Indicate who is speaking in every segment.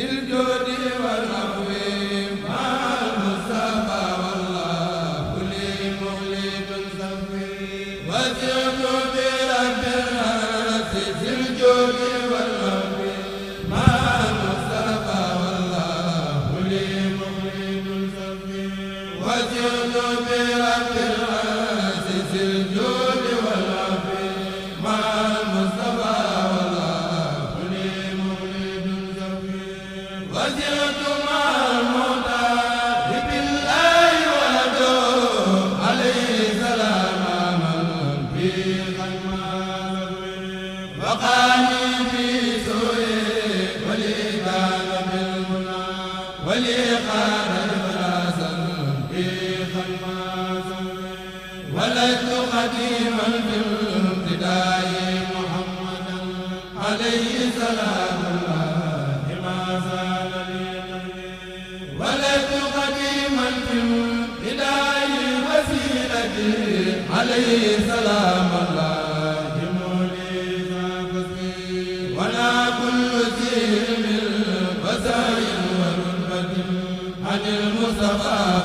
Speaker 1: Good. ولدت خديما بالابتداء محمدا عليه سلام الله ما زال لي ولدت خديما بالابتداء وسيلتي عليه سلام الله عن المصطفى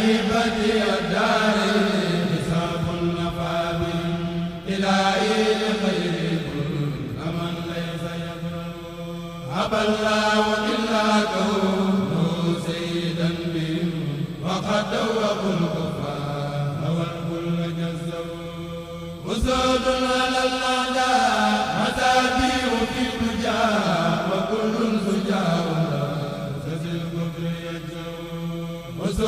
Speaker 1: هيبتي الدار حساب نفى إلهي لخير كل أمن ليس يضرب أبى الله إلا سيدا بهم وقد دوبوا الكفار والكل جزوا وزاد على الله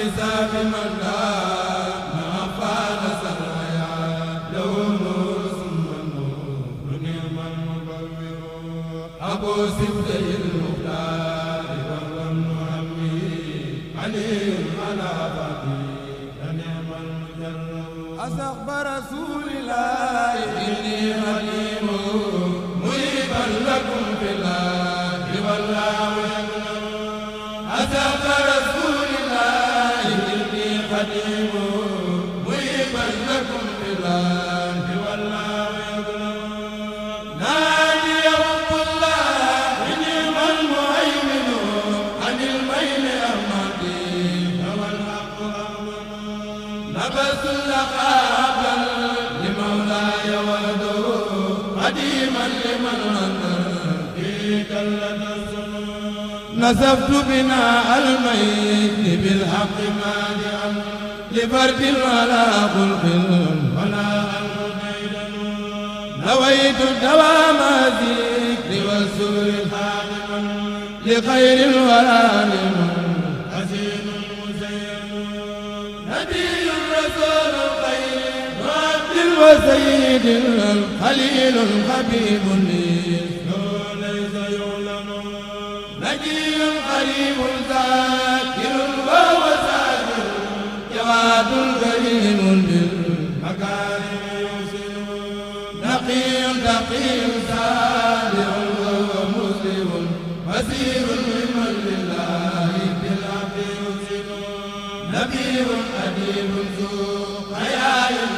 Speaker 1: الحساب من أبس لقابا لمولاي وهده قديما لمن فيك لنزل نزفت بناء الميت بالحق مانعا لبرد ولا خلق ولا نويت دوام الذكر والسر حالما لخير ولا لمن وسيد خليل حبيب ليس يعلن نجي قريب ذاكر وهو ساكر جواد كريم للمكارم يوسف نقي تقي صالح وهو مسلم وزير ممن لله في العبد يوسف نبي أديب ذو حياء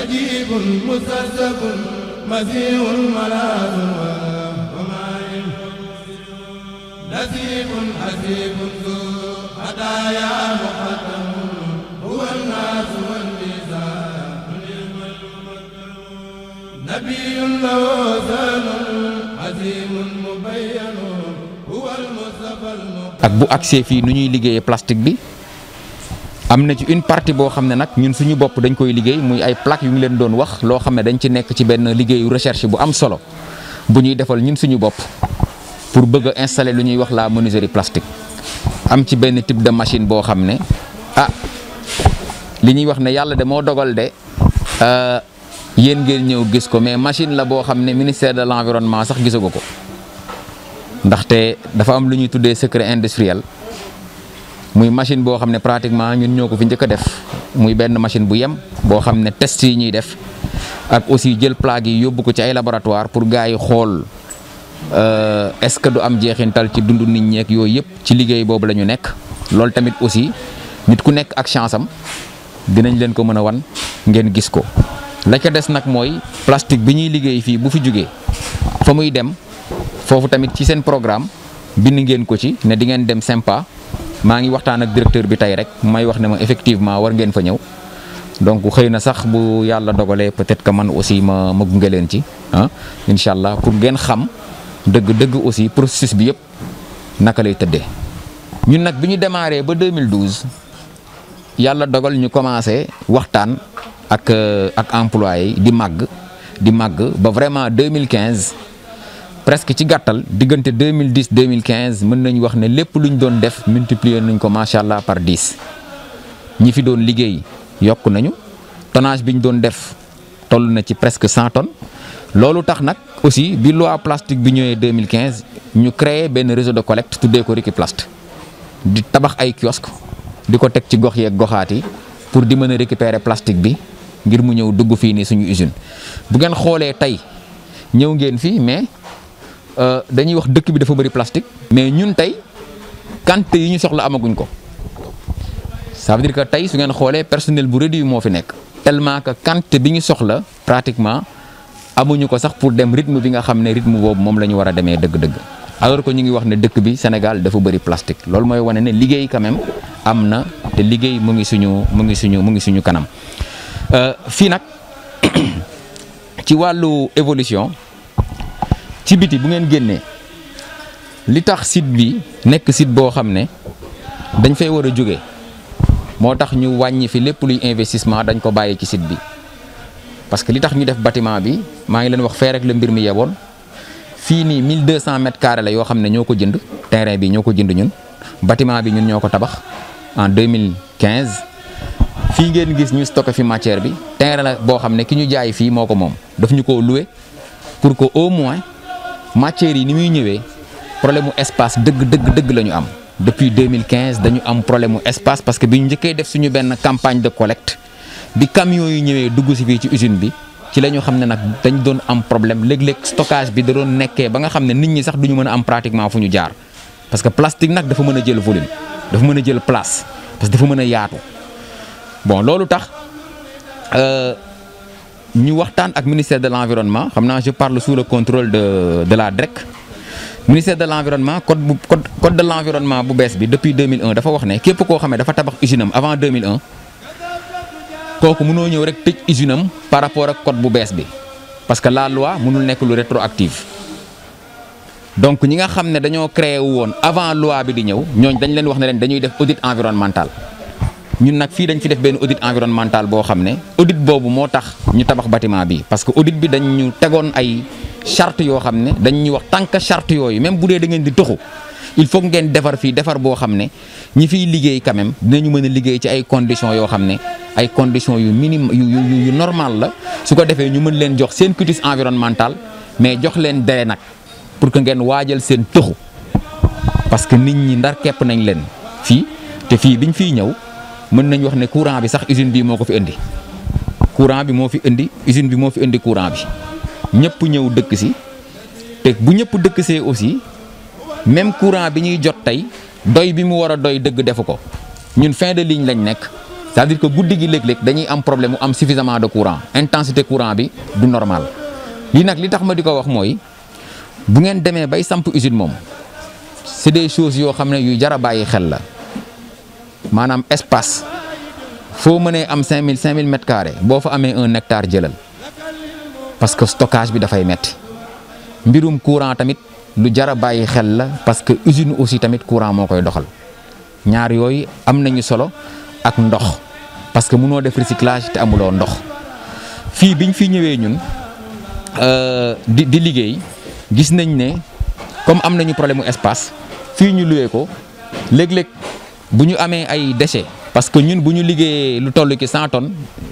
Speaker 1: نجيب مسرسب مزيع ملاذ وما نسيب حسيب ذو هدايا مقدم هو الناس
Speaker 2: والنساء نبي له زان عزيم مبين
Speaker 1: هو المصطفى ak bu
Speaker 3: accès fii nu ñuy liggéeyee plastique bi am na ci une partie boo xam ne nag ñun suñu bopp dañ koy liggéey muy ay plaques yu ngi leen doon wax loo xam ne dañ ci nekk ci benn liggéeyu recherche bu am solo bu ñuy defal ñun suñu bopp pour bëgg a installer lu ñuy wax la menuiserie plastique am ci benn type de machine boo xam ne ah li ñuy wax ne yàlla de moo dogal de euh, yéen ngeen ñëw gis ko mais machine la boo xam ne ministère de l'environnement sax gisagu ko ndaxte dafa am lu ñuy tuddee secret industriel muy machine bo xam pratiquement ñun ñoko fi def muy benn machine bu yam bo xam test yi ñuy def ak aussi jël plaque yi yobbu ko ci ay laboratoire pour gaay xol euh est-ce que du am jeexintal ci dundu nit ak yoy yep ci liggéey bobu lañu nekk lool tamit aussi nit ku nekk ak chance am dinañ leen ko mëna wan ngeen gis ko la ca dess nak moy plastique bi liggéey fi bu fi juggé fa muy dem fofu tamit ci seen programme bind ngeen ko ci ne di ngeen dem sympa maa ngi waxtaan ak directeur bi tay rek may wax ne ma effectivement war ngeen fa ñew donc xeyna sax bu yalla dogalé peut-être que man aussi ma ma gunge ci ah inshallah allah pour ngeen xam deug deug aussi processus bi yëpp naka lay tëddee. ñun nak biñu démarré ba 2012 yalla dogal ñu commencé waxtaan ak ak employé di mag di mag ba vraiment 2015 presque ci gàttal diggante 2010 2015 mën nañu wax ne lépp luñ doon def multiplier nañ ko macha par 10 ñi fi doon liggéey yokk nañu tonnage bi ñu doon def toll na ci presque 100 tonnes loolu tax nag aussi bi loi plastique bi ñëwee 2015 ñu créé benn réseau de collecte tuddee ko Rekiplast di tabax ay kiosque di ko teg ci gox yeeg goxaat yi pour di mën a récupérer plastique bi ngir mu ñëw dugg fii nii suñu usine bu ngeen xoolee tey ñëw ngeen mais. Euh, dañuy wax dëkk bi dafa plastik plastique mais ñun tay quantité yi ñu soxla amaguñ ko ça veut dire que tay su ngeen xolé personnel bu réduit mo fi nek tellement que quantité bi ñu soxla pratiquement amuñu ko sax pour dem rythme bi nga xamné ne rythme boobu mom lañu wara démé dëgg-dëgg alors que ñu ngi wax ne dëkk bi Sénégal dafa bari plastique lool moy wone ne liggéey quand même amna té liggéey mu ngi suñu mu ngi suñu mu ngi suñu kanam euh, fi nak ci walu évolution ci biti bu ngeen génnee li tax site bi nekk site boo xam ne dañ fay war a jóge moo tax ñu wàññi fi lépp luy investissement dañ ko ci site bi parce que li tax ñu def bâtiment bi maa ngi leen wax fee rek la mbir mi yeboon fii 1200 mètres carrés la yoo xam ne jënd terrain bi ñoo ko jënd ñun bâtiment bi ñun ñoo tabax en 2015 fii ngeen gis ñu stocké fi matière bi terrain la boo xam ne ki ñu jaay fii moo ko daf ñu ko pour que au moins matières yi ni muy ñëwee problème mu espace dëgg dëgg dëgg la ñu am depuis 2015 dañu am problème mu espace parce que bi ñu njëkkee def suñu benn campagne de collecte bi camions yu ñëwee dugg si fii ci usine bi ci la ñu xam ne nag dañ doon am problème léeg-léeg stockage bi da doon nekkee ba nga xam ne nit ñi sax duñu mën a am pratiquement fu ñu jaar parce que plastique nag dafa mën a jël volume dafa mën a jël place parce dafa mën a yaatu bon loolu tax. Euh, ñu avec le ministère de l'environnement, je parle sous le contrôle de de la DREC Le ministère de l'environnement, le code code de l'environnement, depuis 2001 il wax dit qu'il koo avait dafa tabax avant 2001 Donc mënoo ñëw rek tëj usine par rapport au code de l'environnement. parce que la loi mënul pas lu rétroactive donc nous avons créé avant la loi bi di ñëw ñooñ dañ leen audit environnemental. ñun nag fii dañ fi def benn audit environnemental boo xam ne audit boobu moo tax ñu tabax bâtiment bi parce que audit bi dañu tegoon ay charte yoo xam ne dañu ñuy wax tànk charte yooyu même bu dee da ngeen di toxu il faut ngeen defar fii defar boo xam ne ñi fiy liggéey quand même dinañu mën a liggéey ci ay conditions yoo xam ne ay conditions yu minimum yu normal la su ko defee ñu mën leen jox seen cutis environnemental mais jox leen délai nag pour que ngeen waajal seen toxu parce que nit ñi ndar képp nañ leen fii te fii biñ fiy ñëw. mën nañ wax ne courant bi sax usine bii moo ko fi indi courant bi moo fi indi usine bi moo fi indi courant bi ñëpp ñëw dëkk si te bu ñëpp dëkk see aussi même courant bi ñuy jot tey doy bi mu war a doy dëgg defu ko ñun fin de ligne lañ nekk c'est-à-dire que guddi gi léeg-léeg dañuy am problème mu am suffisament de courant intensité courant bi du normal lii nag li tax ma di ko wax mooy bu ngeen demee bay samp usine moom c'est des choses yoo xam ne yuy jar a bàyyi xel la. maanaam espace foo mënee am 5000 5000 mètres carrés boo fa amee un hectare jëlal parce que stockage bi dafay metti mbirum courant tamit lu jar a bàyyi xel la parce que usine aussi tamit courant moo koy doxal ñaar yooyu am nañu solo ak ndox parce que mënoo def recyclage te amuloo ndox fii biñ fi ñëwee ñun euh, di di liggéey gis nañ ne comme am nañu problème mu espace fii ñu luwee ko léeg-léeg bu ñu amee ay déchets parce que ñun bu ñu liggéeyee lu toll ki cent tonnes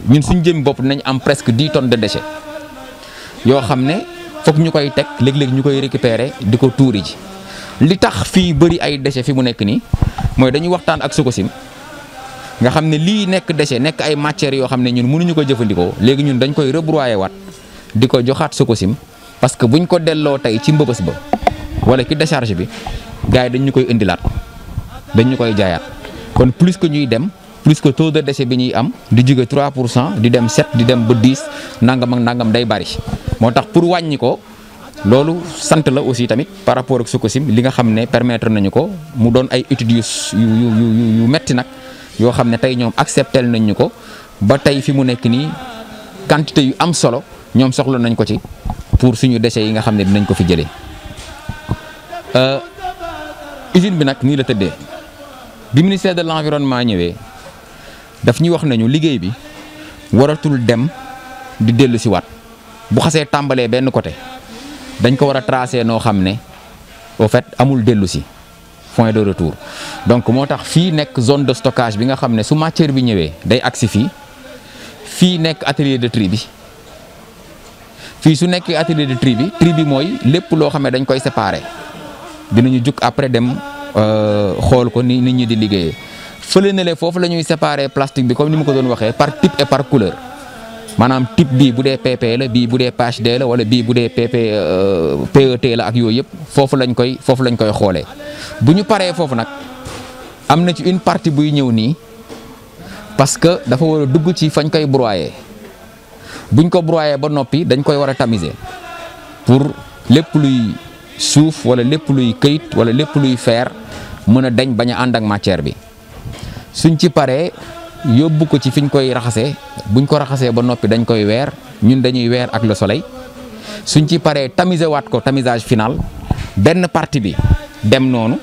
Speaker 3: ñun suñu jëm bopp nañ am presque dix ton de déchets yoo xam ne foog ñu koy teg léeg ñu koy récupérer di ko tuuri ji li tax fii bëri ay déchets fi mu nekk nii mooy dañuy waxtaan ak Sococim nga xam ne lii nekk déchet nekk ay matières yoo xam ne ñun mënuñu ko jëfandikoo léegi ñun dañ koy rebroyer waat di ko joxaat Sococim parce que buñ ko delloo tey ci mbëbës ba wala ki décharge bi gars yi dañ ñu koy indilaat. dañ ñu koy jaayaat kon plus que ñuy dem plus que taux de déchet bi ñuy am di jóge 3 di dem 7 di dem ba 10 nangam ak nangam day bari motax pour wàññi ko loolu sant la aussi tamit par rapport ak sukosim li nga xamné permettre nañu ko mu don ay études yu yu yu yu metti nak yo xamné tay ñom accepter nañu ko ba tay fi mu nekk ni quantité yu am solo ñom soxlo nañ ko ci pour suñu déchets yi nga xamné dinañ ko fi jëlé euh usine bi nak ni la tëddee bi ministère de l'environnement ñëwee daf ñu wax nañu liggéey bi waratul dem di dellu si waat bu xasee tàmbalee benn côté dañ ko war a tracé noo xam ne au fait amul dellu si point de retour donc moo tax fii nekk zone de stockage bi nga xam ne su matière bi ñëwee day agsi fii fii nekk atelier de tri bi fii su nekkee atelier de tri bi tri bi mooy lépp loo xam ne dañ koy séparer dinañu jug après dem Euh, xool ko ni nit ñi di liggéeyee fële ne le foofu la ñuy séparer plastique bi comme ni mu ko doon waxee par type et par couleur maanaam type bii bu dee PP la bii bu dee PHD la wala bii bu dee PP PET euh, e la ak yooyu yëpp foofu lañ koy foofu lañ koy xoolee bu ñu paree foofu nag am na ci une partie buy ñëw nii parce que dafa war a dugg ci fañ koy broyer buñ ko broyer ba noppi dañ koy war a tamiser pour lépp luy. suuf wala lépp luy kayit wala lépp luy feer mën a dañ bañ a ànd ak matière bi suñ ci paree yóbbu ko ci fiñ koy raxasee buñ ko raxasee ba noppi dañ koy weer ñun dañuy weer ak le soleil suñ ci paree tamise waat ko tamisage final benn parti bi dem noonu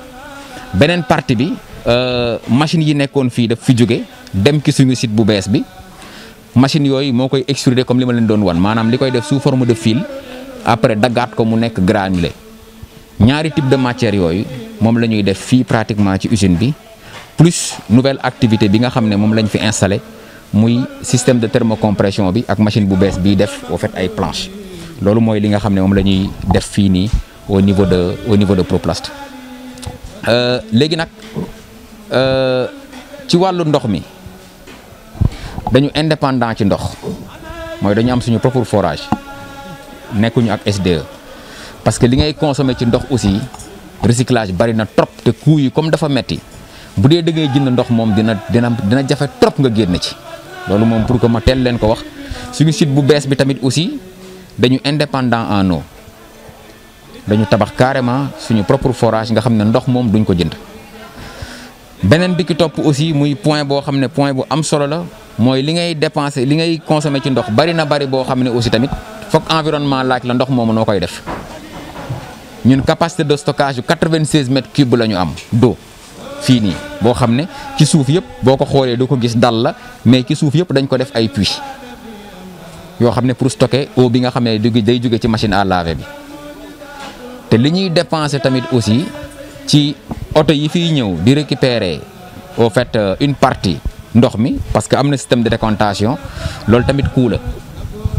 Speaker 3: beneen parti bi euh, machine yi nekkoon fii daf fi jóge dem ki suñu site bu bees bi machine yooyu moo koy extruder comme li ma leen doon wan maanaam li koy def sous forme def fil après daggaat ko mu nekk granulé ñaari type de matière yooyu moom la ñuy def fii pratiquement ci usine bi plus nouvelle activité bi nga xam ne moom lañ fi installé muy système de thermocompression bi ak machine bu bees bii def au fait ay planches loolu mooy li nga xam ne moom la ñuy def fii nii au niveau de au niveau de Proplast euh, léegi nag euh, ci wàllu ndox mi dañu indépendant ci ndox mooy dañu am suñu propre forage nekkuñu ak SDE. parce que li ngay consommer ci ndox aussi recyclage bari na trop te coût yi comme dafa metti budé da ngay jënd ndox mom dina dina dina jafé trop nga génn ci loolu mom pour que ma tel len ko wax suñu site bu bes bi tamit aussi dañu indépendant en eau dañu tabax carrément suñu propre forage nga xamné ne ndox moom duñ ko jënd benen bi ki top aussi muy point bo xamné point bu am solo la moy li ngay dépenser li ngay consommer ci ndox bari na bari bo xamné aussi tamit fok environnement laaj la ndox mom noo koy def ñun capacité de stockage yu 96 mètres cubes la ñu am d'eau fini nii boo ne ci suuf yëpp boo ko xoolee gis dal la mais ci suuf yëpp dañ ko def ay puits yoo xam ne pour stocker eau bi nga xam ne day jóge ci machine à laver bi te li ñuy dépenser tamit aussi ci oto yi fiy ñëw di récupérer au fait euh, une partie ndox mi parce que am na système de décontamination loolu tamit coût la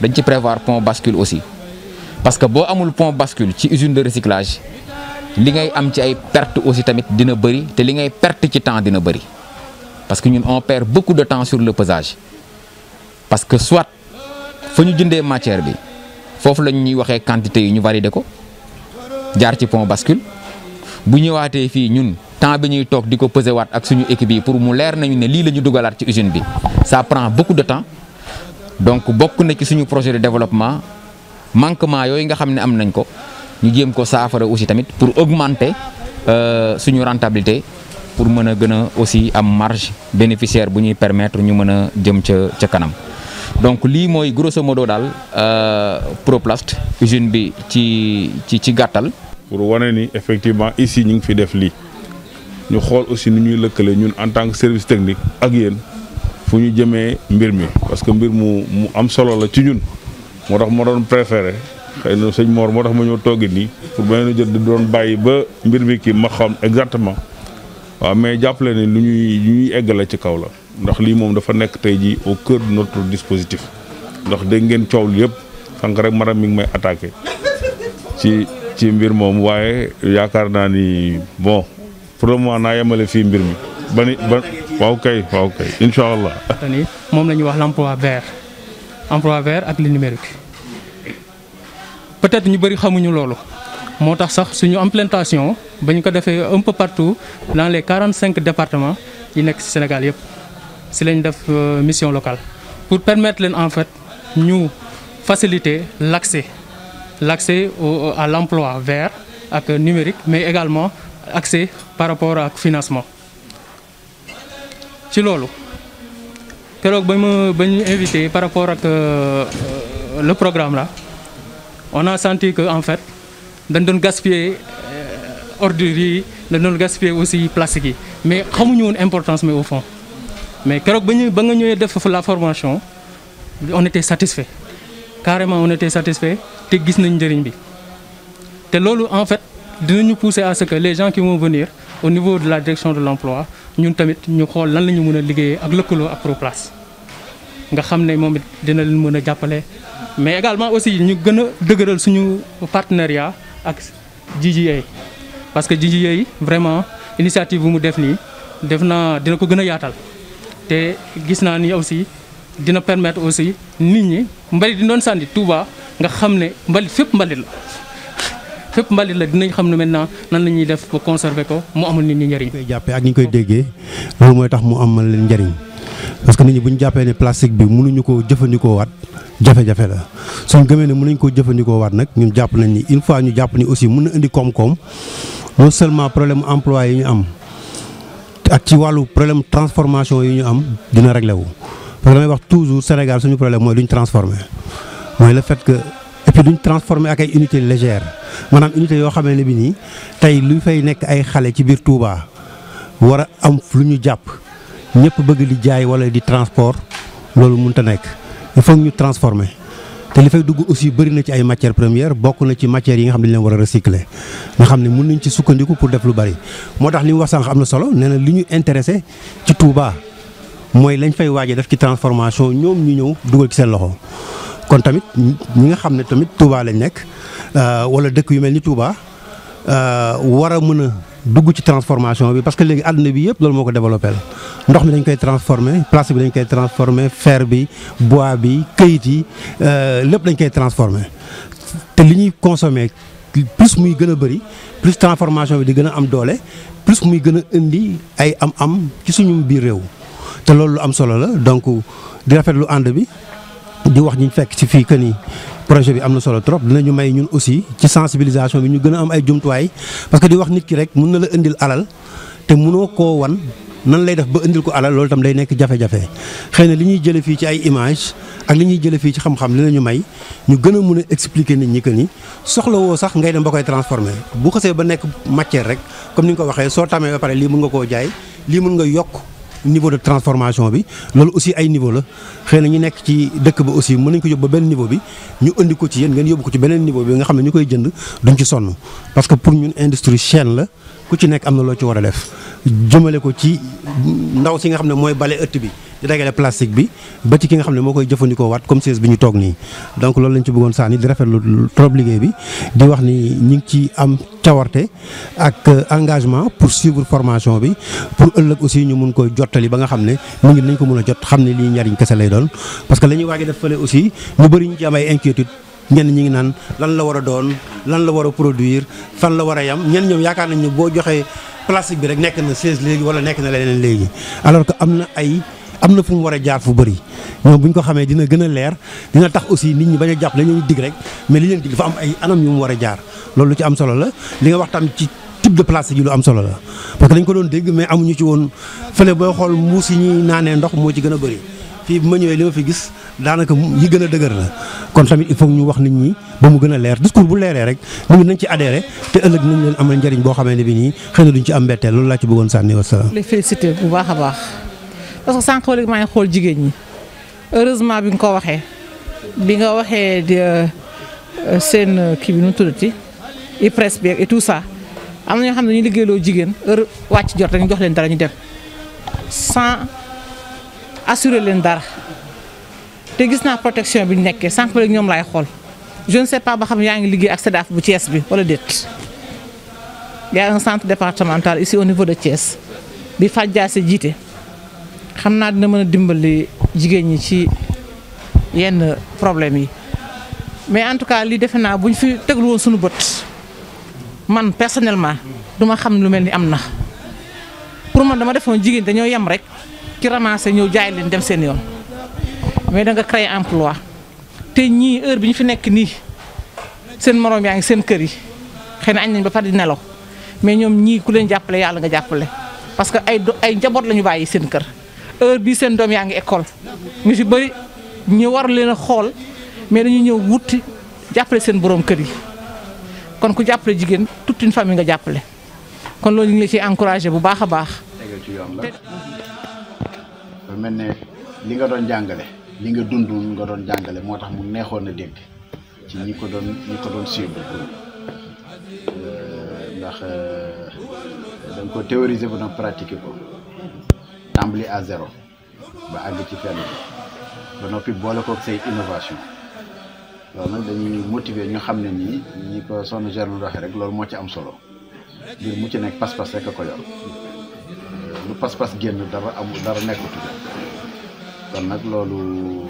Speaker 3: dañ ci prévoir pont bascule aussi parce que bo amul pont bascule ci usine de recyclage li ngay am ci ay perte aussi tamit dina bëri te li ngay perte ci temps dina bëri parce que ñun on perd beaucoup de temps sur le pesage parce que soit fañu ñu matière bi fofu lañ ñuy waxé quantité yi ñu valider ko jaar ci pont bascule bu ñëwaatee fi ñun temps bi ñuy tok diko peser waat ak suñu équipe bi pour mu leer nañu né li lañu ñu ci usine bi ça prend beaucoup de temps donc bokk na ci suñu projet de développement manquement yooyu nga xam ne am nañ ko ñu jéem ko saafara aussi tamit pour augmenter euh, suñu rentabilité pour mën a gën a aussi am marge bénéficiaire bu ñuy permettre ñu mën a jëm ca ca kanam donc lii mooy grosso modo daal euh, Proplast usine bi ci ci ci gàttal. pour wane ni effectivement ici ñu ngi fi def lii ñu xool aussi nu ñuy lëkkale ñun en tant que service technique ak yéen. fu ñu jëmee mbir mi parce que mbir mu mu am solo la ci ñun moo tax ma doon préféré xëy na sëñ moor moo tax ma ñëw toogi nii pour ba leen a jël di doon bàyyi ba mbir mi kii ma xam exactement waaw mais jàppale ne lu ñuy lu ñuy eggale ci kaw la ndax lii moom dafa nekk tey jii au kër de notre dispositif ndax dégg ngeen coow li yëpp xanq rek madame mi ngi may attaqué ci ci mbir moom waaye yaakaar naa ni bon pour le moment naa yemale fii mbir mi Ok, ok, Inch'Allah.
Speaker 4: tani mom lañu vert emploi vert ak le numérique peut-être ñu nous xamuñu lolu motax sax suñu implantation bañ ko un peu partout dans les 45 départements yi nekk ci Sénégal yépp euh, mission locale pour permettre len en fait ñu faciliter l'accès l'accès euh, à l'emploi vert ak numérique mais également accès par rapport au financement. C'est ça. Quand on a invité par rapport ak euh, le programme là on a senti que en fait dañ doon gaspiller euh, ordures yi dañ gaspillé gaspiller aussi plastique yi mais xamuñu une importance mais au fond mais quand on fait ba la formation on était satisfait carrément on était satisfait te gis nañ bi en fait dinañu pousser à ce que les gens qui vont venir au niveau de la direction de l'emploi ñun tamit ñu xool lan la ñu mën a liggéeyee ak lëkkaloo ak ProPlace nga xam ne moom it dina leen mën a jàppale mais également aussi ñu gën a dëgëral suñu partenariat ak GGA parce que GGA vraiment initiative bu mu def nii def naa dina ko gën a yaatal te gis naa ni aussi dina permettre aussi nit ñi mbari di doon sànni Touba nga xam ne mbalit fépp mbalit la fépp mbalit la dinañ xam ne maintenant nan la ñuy def ba conserver ko mu amul nit ñi njëriñ. ak ñu koy
Speaker 5: déggee loolu mooy tax mu amal leen njëriñ parce que nit ñi bu ñu jàppee ne plastique bi mënuñu koo jëfandikoo waat jafe-jafe la suñ gëmee ne mënuñ koo jëfandikoo waat nag ñun jàpp nañ ni une fois ñu jàpp ni aussi mun na indi koom-koom non seulement problème emploi yi ñu am ak ci wàllu problème transformation yi ñu am dina réglé wu. parce que damay wax toujours Sénégal suñu problème mooy lu ñu transformé et puis duñ transformé ak ay unité légère maanaam unité yo xamee ne bi ni tay lu fay nek ay xalé ci bir Touba wara am luñu japp jàpp bëgg li jaay wala di transport lolu mënut a nekk il faut ñu transformer té li fay dugg aussi bëri na ci ay matières premières bokku na ci matières yi nga xamni dañ leen wara recycler nga xamni ne mën nañ ci sukkandiku pour def lu bari motax tax li wax sax amna solo néna na li ñu intéressé ci Touba moy lañ fay waajee def ci transformation ñom ñu ñëw duggal ci sen loxo kon tamit ñi nga xamne tamit Touba lañ euh wala dëkk yu melni Touba euh wara mëna a dugg ci transformation bi parce que légui aduna bi yépp loolu moko développer ndox mi dañ koy transformer place bi dañ koy transformer fer bi bois bi keuyit yi euh lepp dañ koy transformer té li ñuy consommé plus muy gëna a bëri plus transformation bi di gëna am doole plus muy gëna indi ay am-am ci suñu biir réew té loolu am solo la donc di rafetlu ànd bi. di wax ñu fekk ci fii que ni projet bi am na solo trop dinañu may ñun aussi ci sensibilisation bi ñu gën a am ay jumtuwaay parce que di wax nit ki rek mun na la indil alal te munoo koo wan nan lay def ba indil ko alal loolu tam day nekk jafe-jafe xëy na li ñuy jëlee fii ci ay image ak li ñuy jëlee fii ci xam-xam li nañu may ñu gën a mun a expliquer nit ñi que ni soxla sax ngay dem ba koy transformé bu xasee ba nekk matière rek comme ni nga ko waxee soo tamee pare lii mun nga koo jaay lii mun nga yokk. niveau de transformation bi loolu aussi ay niveau la xëy na ñu nekk ci dëkk ba aussi mën nañ ko yóbbu ba benn niveau bi ñu indi ko ci yéen ngeen yóbbu ko ci beneen niveau bi nga xam ne ñu koy jënd duñ ci sonn parce que pour ñun industrie chaîne la ku ci nekk am na loo ci war a def jëmale ko ci ndaw si nga xam ne mooy bale ëtt bi di dagale plastique bi ba ci ki nga xam ne moo koy jëfandikoo waat comme siège bi ñu toog nii donc loolu lañ ci bëggoon sànni di rafet rafetlu trop liggéey bi di wax ni ñi ngi ci am cawarte ak engagement pour suivre formation bi pour ëllëg aussi ñu mun koy jottali ba nga xam ne nit ñi nañ ko mun a jot xam ne lii njariñ kese lay doon parce que la waaj a def fële aussi ñu bëri ñu ci am ay ñenn ñi ngi naan lan la war a doon lan la war a produire fan la war a yam ñenn ñoom yaakaar nañ ne boo joxee plastique bi rek nekk na chaise léegi wala nekk na leneen léegi alors que am na ay am na fu mu war a jaar fu bëri ñoom bu ñu ko xamee dina gën a leer dina tax aussi nit ñi bañ a jàpp dañuy dig rek mais li leen di dafa am ay anam yu mu war a jaar loolu lu ci am solo la li nga wax tam ci type de plastique yi lu am solo la parce que dañ ko doon dégg mais amuñu ci woon fële boo xool mbuus yi ñuy naanee ndox moo ci gën a bëri fii bi ma ñëwee li ma fi gis daanaka ñi gën a dëgër la kon tamit il faut ñu wax nit ñi ba mu gën a leer discours bu leeree rek nit ñi nañ ci adhéré te ëllëg nañ am amal njëriñ boo xamee ne bi nii xëy na duñ ci am mbetteel loolu laa ci bëggoon sànni wa salaam.
Speaker 2: lay félicité bu baax a baax parce que sànq léegi maa ngi xool jigéen ñi heureusement bi nga ko waxee bi nga waxee euh, seen euh, kii bi nu mu tuddati i presse bi et tout ça am na ñoo xam ne dañuy liggéeyloo jigéen heure wàcc jot rek ñu leen dara ñu dem sans assurer leen dara. té gis na protection bi ñu sank sànq ñom lay xol je ne sais pas ba xam yaa liggéey ak sadaf bu Thiès bi wala det. Ya, un centre départemental ici au niveau de Thiès bi fajjaase jiite xam dina mëna dimbali jigéen ñi ci yenn problème yi mais en tout cas li defe naa bu fi suñu bëtt man personnellement duma xam lu melni ni pour man dama defoon jigéen dañoo yam rek ki ramasser ñeu jaay leen dem seen yoon mais da nga créer emploi te ñii heure bi ñu fi nekk nii seen moroom yaa ngi seen kër yi xëy na añ nañ ba pare di nelaw mais ñoom ñii ku leen jàppale yàlla nga jàppale parce que ay ay njaboot la bàyyi seen kër heure bii seen doom yaa ngi école ñu si bëri ñu war leen a xool mais dañu ñëw wuti jàppale seen borom kër yi kon ku jàppale jigéen toute une yi nga jàppale kon loolu ñu ngi ci ciy bu baax a baax.
Speaker 6: tegal ci yoon la mel ne li nga doon jàngale. li nga dund nga doon jàngale moo tax mu neexoon a dégg ci ñi ko doon ñi ko doon suivre euh, ndax euh, da ko théoriser ba nga pratiquer ko tàmbali à zéro ba àgg ci fenn ba noppi boole koog say innovation loolu nag dañuy motiver ñu xam ne nii ñi ko sonn germe doxe rek loolu moo ci am solo mbir mu ci nekk pas-pas rek a ko yor euh, lu pas-pas génn dara am dara nekkutu kon nag loolu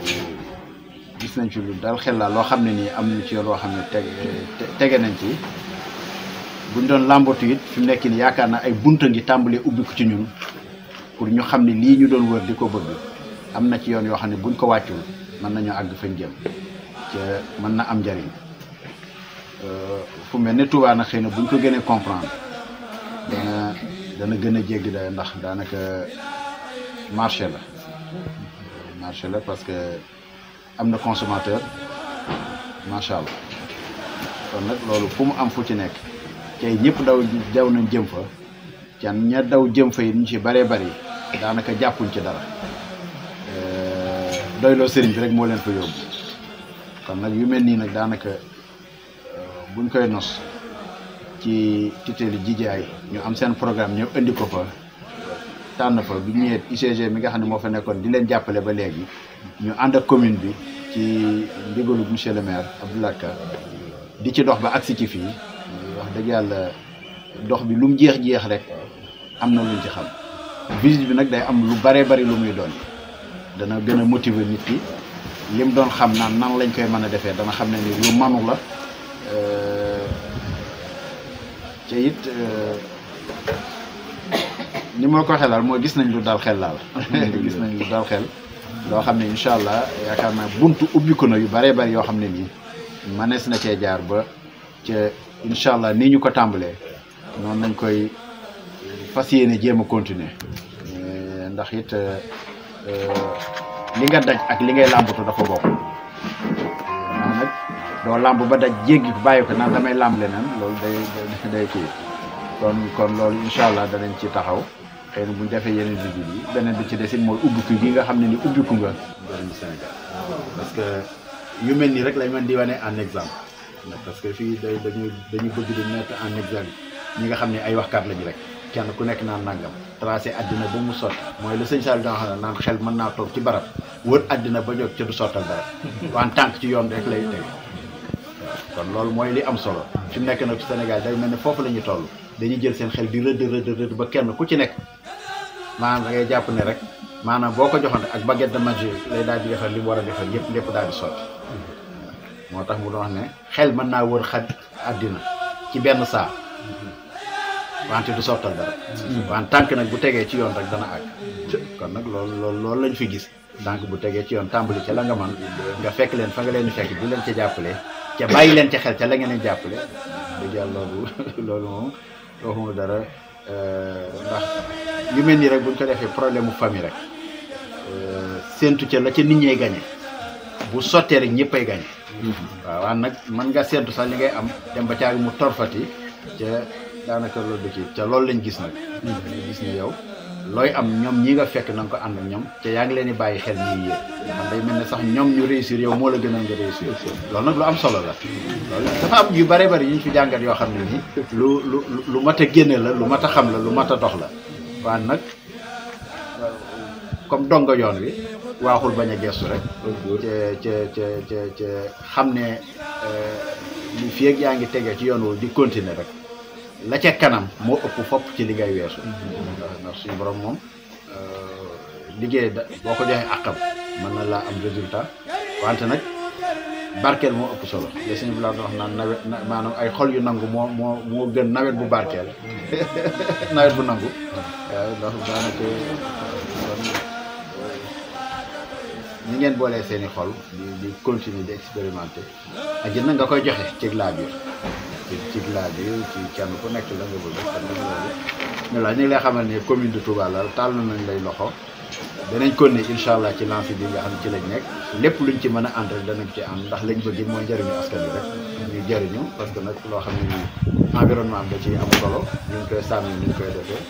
Speaker 6: gis nañ ci lu dal xel la loo xam ne nii am na ci yoon woo xam ne tege tege nañ ci buñ doon làmbatu it fi mu nekk nii yaakaar na ay bunta ngi tàmbalee ubbi ko ci ñun pour ñu xam ne lii ñu doon wër di ko bëgg am na ci yoon yoo xam ne buñ ko wàccul mën nañoo àgg fañ jëm ca mën na am njariñ euh, fu mel ne Touba nag xëy na buñ ko gënee comprendre dana dana gën a jéggi day ndax daanaka marché la marché la parce que am na consommateur macha allah kon nag loolu fu mu am fu ci nekk tey ñëpp daw daw nañ jëm fa can ña daw jëm fa yi ñu ci bëree bëri daanaka jàppuñ ci dara euh, doyloo sëriñ bi rek moo leen fa yóbbu kon nag yu mel nii nag daanaka euh, buñ koy nos ci titeli jijaay ñu am seen programme ñëw indi ko fa tànn fa bi ñëwee UCG mi nga xam ne moo fa nekkoon di leen jàppale ba léegi ñu ànd ak commune bi ci ndigalu monsieur le maire Abdoulaye di ci dox ba agsi ci fii wax dëgg yàlla dox bi lu mu jeex-jeex rek am na luñ ci xam visite bi nag day am lu baree bari lu muy doon dana gën a nit ki lim doon xam naan nan lañ koy mën a defee dana xam ne ni lu manu la euh, te it euh, ni ma ko xelal moo gis nañ lu dal xel laal gis nañ lu dal xel loo xam ne incha allah yaakaar naa buntu ubbi na yu bëree bëri yoo xam ne nii manees na cee jaar ba ca incha allah nii ñu ko tàmbalee noonu lañ koy fas yéene jéem a continuer eh, ndax it eh, eh, li nga daj ak li ngay làmbatu dafa bokk nag doo làmb ba daj jéggi bàyyi ko naan damay làmb leneen loolu day day kii kon kon loolu incha allah danañ ci taxaw xëy na bu ñu defee yeneen visite yi beneen bi ci desit mooy ubbiku gi nga xam ne ni ubbiku nga. njëriñu Sénégal parce que yu mel nii rek lañ mën di wane en exemple. ndax parce que fii dañuy dañu bëgg di mettre en exemple ñi nga xam ne ay waxkat lañu rek kenn ku nekk naan nangam. tracé àddina ba mu sotti mooy la sëñ Saliou danga xam ne naan xel mën naa toog ci barab wër àddina ba jot ca du sottal dara. waan tànk ci yoon rek lay teg. kon loolu mooy li am solo fi mu nekk nag Sénégal day mel ne foofu la ñu toll dañuy jël seen xel di rëdd rëdd ba kenn ku ci nekk. maanaam da ngay jàpp ne rek maanaam boo ko joxante ak baguette de magie lay daal di defal li mu war a defal yëpp lépp daal di sotti moo tax mu doon wax ne xel man naa wër xaj àddina ci benn saa wante du sottal dara wante tànk nag bu tegee ci yoon rek dana àgg kon nag loolu loolu loolu lañ fi gis tànk bu tegee ci yoon tàmbali ca la nga man nga fekk leen fa nga leen fekk bu leen ca jàppale ca bàyyi leen ca xel ca la ngeen jàppale dëgg yàlla loolu loolu moom waxuma dara Euh, ndax yu mel nii rek buñ ko defee problème mu famille rek euh, séentu ca la ca nit ñay gañe bu sottee rek ñëppay gañe waaw nag mën nga séntu sax li ngay am dem ba caag mu torfati ca daanaka loolu ci ca loolu lañ gis nag. gis ni yow. looy am ñoom ñii nga fekk na nga ko ànd ak ñoom te yaa ngi leen di bàyyi xel ñuy yéen ndax day mel ni sax ñoom ñu réussir yow moo la gënal nga réussir loolu nag lu am solo la loolu dafa am yu bare bari yu ñu fi jàngat yoo xam ne nii lu lu lu mat a génne la lu mat a xam la lu mat a dox la waaye nag comme donga yoon wi waaxul bañ a gestu rek ca ca ca ca xam ne euh, li fi ak yaa ngi tegee ci yoon woowu di continuer rek la ca kanam moo ëpp fopp ci li ngay weesu ndax suñu boroom moom euh, liggéey boo ko joxee àqam mën na laa am résultat wante nag barkeel moo ëpp solo te suñu bi laa wax naan nawet maanaam ay xol yu nangu moo moo moo gën nawet bu barkeel nawet bu nangu ndax daanaka euh, ni ngeen boolee seeni xol di di continuer di expérimenter ak na nga koy joxe ci laa biir ci ci laaj yi ci kenn ku nekk la nga bëgg la ñu ngi lay xamal ne commune de Touba la tàll nañ lay loxo danañ kon ne incha allah ci lancé bi nga xam ci lañ lépp luñ ci mën a ànd rek danañ ci am ndax lañ bëgg mooy njëriñu askan bi rek ñu parce que nag loo xam ne environnement bi da ciy am solo ñu ngi koy defee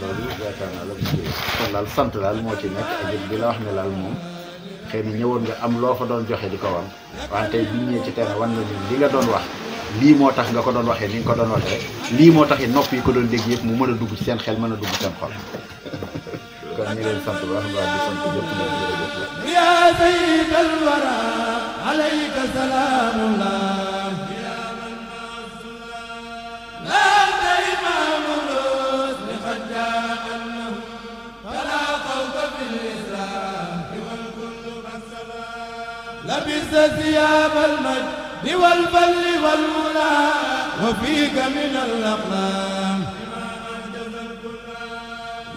Speaker 6: loolu yaakaar naa la mu ci kon sant daal moo ci nekk ak it bi la wax ne daal moom xëy na ñëwoon nga am loo fa doon joxe di ko wan wante biñ ñëwee ci terrain wan nañu li nga doon wax lii moo tax nga ko doon waxee ni nga ko doon waxee rek lii moo tax it nopp yi ko doon dégg yëpp mu mën a dugg ci seen xel mën a dugg seen xol kon ñu ngi leen sant bu baax a baax di sant ñëpp ñu ngi leen
Speaker 1: di ya sayyid al wara alayka salaamullah لبس ثياب المجد الحمد والبل والمنى وفيك من الأقلام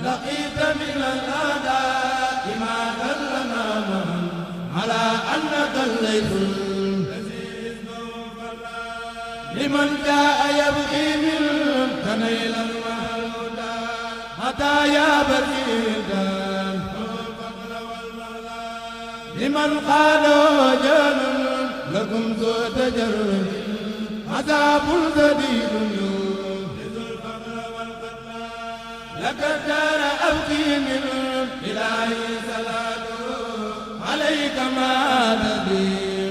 Speaker 1: لقيت من الأداء ما دلنا على أنك الليل لمن جاء يبغي منك نيلا وهدى متى يا بريدا لمن قالوا جنون لكم ذو تجرب عذاب ذليل لك دار أبكي من إلهي سلام عليك ما نبي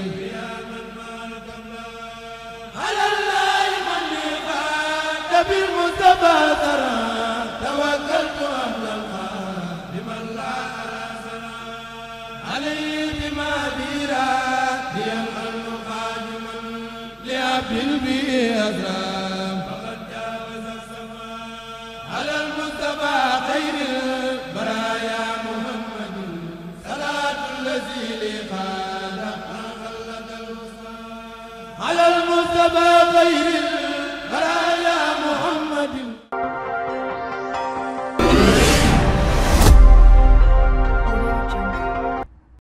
Speaker 1: على الله من بالمصطفى ترى غير